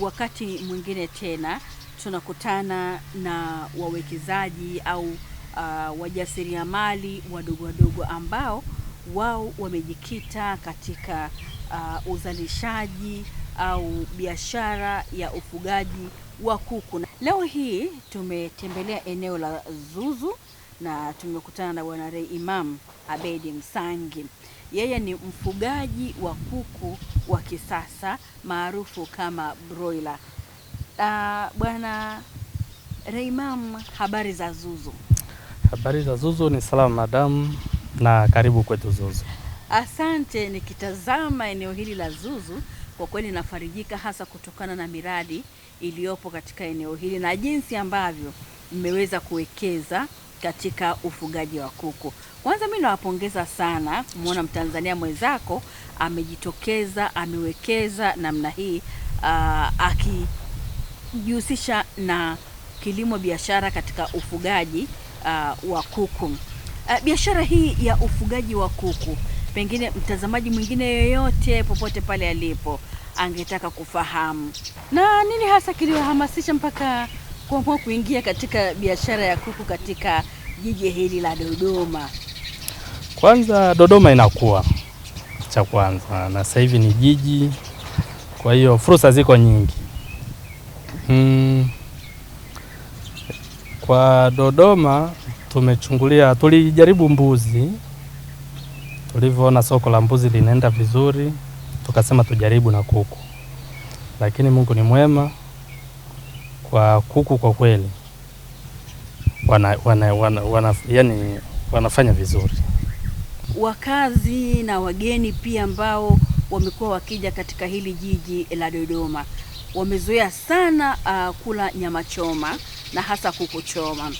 Wakati mwingine tena tunakutana na wawekezaji au uh, wajasiriamali wadogo wadogo ambao wao wamejikita katika uh, uzalishaji au biashara ya ufugaji wa kuku. Leo hii tumetembelea eneo la Zuzu na tumekutana na Bwana Rei Imam Abedi Msangi. Yeye ni mfugaji wa kuku wa kisasa maarufu kama broiler. Uh, bwana Reimam, habari za Zuzu? Habari za Zuzu ni salamu madamu, na karibu kwetu Zuzu. Asante. Nikitazama eneo hili la Zuzu kwa kweli nafarijika hasa kutokana na miradi iliyopo katika eneo hili na jinsi ambavyo mmeweza kuwekeza katika ufugaji wa kuku. Kwanza mimi nawapongeza sana kumwona Mtanzania mwenzako amejitokeza, amewekeza namna hii ah, akijihusisha na kilimo biashara katika ufugaji uh, wa kuku. Uh, biashara hii ya ufugaji wa kuku, pengine mtazamaji mwingine yoyote popote pale alipo angetaka kufahamu na nini hasa kiliyohamasisha mpaka kuamua kuingia katika biashara ya kuku katika jiji hili la Dodoma? Kwanza Dodoma inakuwa cha kwanza, na sasa hivi ni jiji, kwa hiyo fursa ziko nyingi hmm. Kwa Dodoma tumechungulia, tulijaribu mbuzi, tulivyoona soko la mbuzi linaenda vizuri, tukasema tujaribu na kuku, lakini Mungu ni mwema kwa kuku, kwa kweli wana, wana, wana, wana, yani wanafanya vizuri. Wakazi na wageni pia ambao wamekuwa wakija katika hili jiji la Dodoma wamezoea sana uh, kula nyama choma na hasa kuku choma,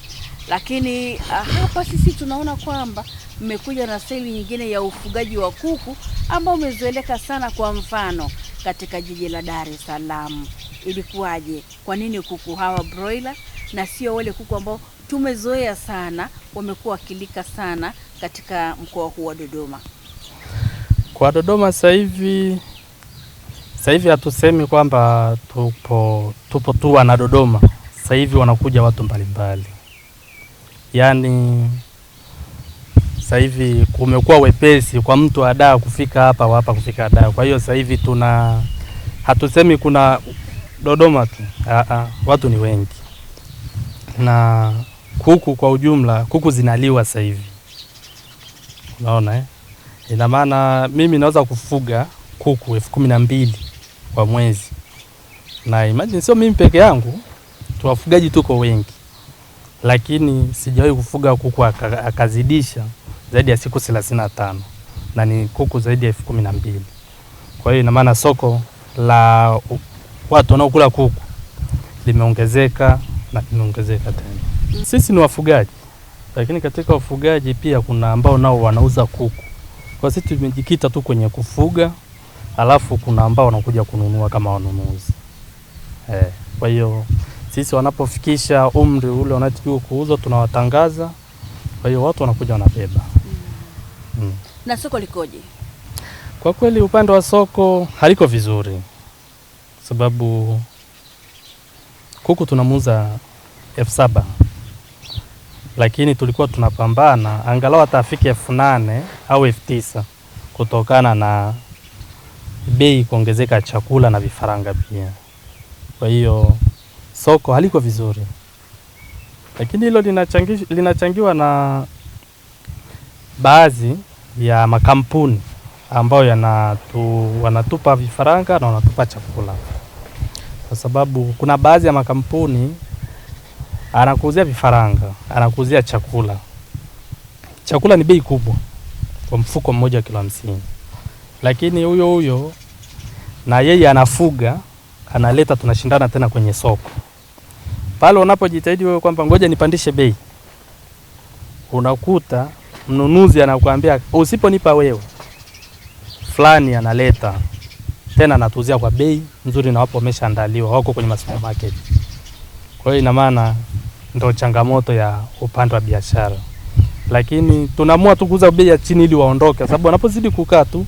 lakini uh, hapa sisi tunaona kwamba mmekuja na staili nyingine ya ufugaji wa kuku ambao umezoeleka sana. Kwa mfano katika jiji la Dar es Salaam ilikuwaje? Kwa nini kuku hawa broiler na sio wale kuku ambao tumezoea sana, wamekuwa wakilika sana katika mkoa huu wa Dodoma. Kwa Dodoma sasa hivi sasa hivi hatusemi kwamba tupo tupo tu wana Dodoma. Sasa hivi wanakuja watu mbalimbali, yaani sasa hivi kumekuwa wepesi kwa mtu adaa kufika hapa hapa kufika adaa. Kwa hiyo sasa hivi tuna hatusemi kuna Dodoma tu, ah, ah, watu ni wengi na kuku kwa ujumla, kuku zinaliwa sasa hivi, unaona eh? Ina maana mimi naweza kufuga kuku elfu kumi na mbili kwa mwezi, na imagine sio mimi peke yangu tu, wafugaji tuko wengi, lakini sijawahi kufuga kuku akazidisha zaidi ya siku thelathini na tano na ni kuku zaidi ya elfu kumi na mbili. Kwa hiyo ina maana soko la watu wanaokula kuku limeongezeka na limeongezeka tena. Sisi ni wafugaji, lakini katika wafugaji pia kuna ambao nao wanauza kuku. Kwa sisi tumejikita tu kwenye kufuga, alafu kuna ambao wanakuja kununua kama wanunuzi eh. Kwa hiyo sisi wanapofikisha umri ule wanatakiwa kuuzwa, tunawatangaza. Kwa hiyo watu wanakuja wanabeba. mm. Mm. Na soko likoje? Kwa kweli upande wa soko haliko vizuri, sababu kuku tunamuuza elfu saba lakini tulikuwa tunapambana angalau hata elfu nane au elfu tisa kutokana na bei kuongezeka chakula na vifaranga pia. Kwa hiyo soko haliko vizuri, lakini hilo linachangi, linachangiwa na baadhi ya makampuni ambayo yanatu, wanatupa vifaranga na wanatupa chakula, kwa sababu kuna baadhi ya makampuni anakuuzia vifaranga, anakuuzia chakula. Chakula ni bei kubwa kwa mfuko mmoja wa kilo hamsini, lakini huyo huyo na yeye anafuga, analeta, tunashindana tena kwenye soko pale. Unapojitahidi wewe kwamba ngoja nipandishe bei, unakuta mnunuzi anakuambia usiponipa wewe fulani analeta tena, anatuuzia kwa bei nzuri na wapo wameshaandaliwa, wako kwenye masupermarket. Kwa hiyo ina maana ndo changamoto ya upande wa biashara, lakini tunaamua tu kuuza bei ya chini ili waondoke, sababu wanapozidi kukaa tu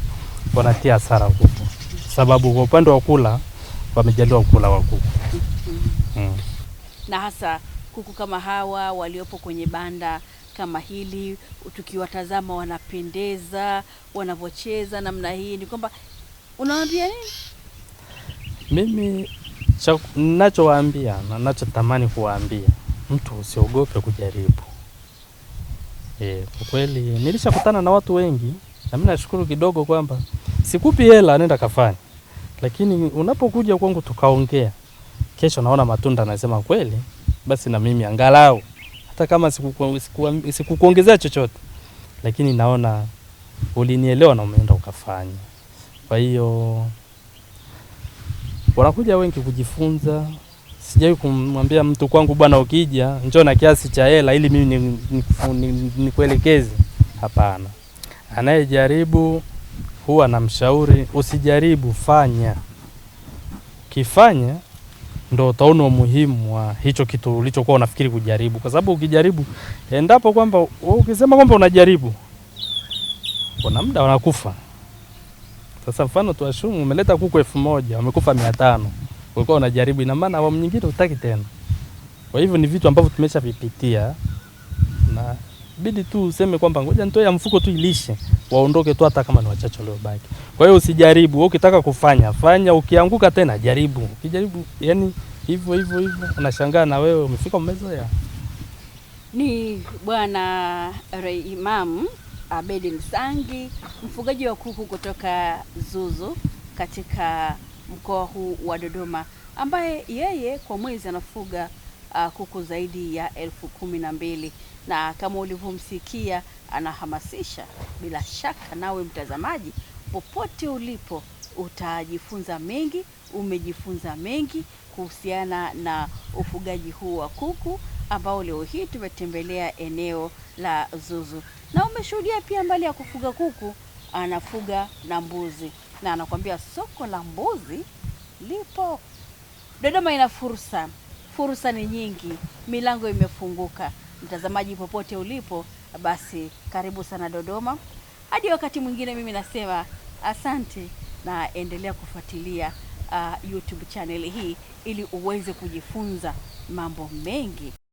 wanatia hasara kubwa, sababu kwa upande wa kula wamejaliwa kula wa kuku mm. na hasa kuku kama hawa waliopo kwenye banda kama hili, tukiwatazama wanapendeza, wanavyocheza namna hii, ni kwamba unawaambia nini? Mimi Ninachowaambia na ninachotamani kuwaambia, mtu usiogope kujaribu. E, kwa kweli nilishakutana na watu wengi, na mimi nashukuru kidogo kwamba sikupi hela, nenda kafanya, lakini unapokuja kwangu tukaongea, kesho naona matunda, nasema kweli, basi na mimi angalau hata kama sikukuongezea siku, siku chochote, lakini naona ulinielewa na umeenda ukafanya, kwa hiyo wanakuja wengi kujifunza. Sijawahi kumwambia mtu kwangu, bwana, ukija njoo na kiasi cha hela ili mimi nikuelekeze. Hapana, anayejaribu huwa namshauri, usijaribu, fanya. Ukifanya ndo utaona umuhimu wa hicho kitu ulichokuwa unafikiri kujaribu, kwa sababu ukijaribu, endapo kwamba ukisema kwamba unajaribu, kuna muda wanakufa sasa mfano tuashumu umeleta kuku elfu moja wamekufa mia tano ulikuwa unajaribu, ina maana awamu nyingine utaki tena. Kwa hivyo ni vitu ambavyo tumeshavipitia na bidi tu useme kwamba ngoja nitoe ya mfuko tu ilishe, waondoke tu, hata kama ni wachache waliobaki. Kwa hiyo usijaribu wewe, ukitaka kufanya fanya, ukianguka tena jaribu, ukijaribu yani hivyo hivyo hivyo, unashangaa na wewe umefika umezoea. Ni Bwana Ray Imam Abedi Msangi, mfugaji wa kuku kutoka Zuzu katika mkoa huu wa Dodoma, ambaye yeye kwa mwezi anafuga uh, kuku zaidi ya elfu kumi na mbili na kama ulivyomsikia anahamasisha. Bila shaka nawe mtazamaji, popote ulipo utajifunza mengi, umejifunza mengi kuhusiana na ufugaji huu wa kuku ambao leo hii tumetembelea eneo la Zuzu na umeshuhudia pia, mbali ya kufuga kuku anafuga na mbuzi, na anakuambia soko la mbuzi lipo Dodoma. Ina fursa, fursa ni nyingi, milango imefunguka. Mtazamaji popote ulipo, basi karibu sana Dodoma. Hadi wakati mwingine, mimi nasema asante na endelea kufuatilia uh, YouTube channel hii ili uweze kujifunza mambo mengi.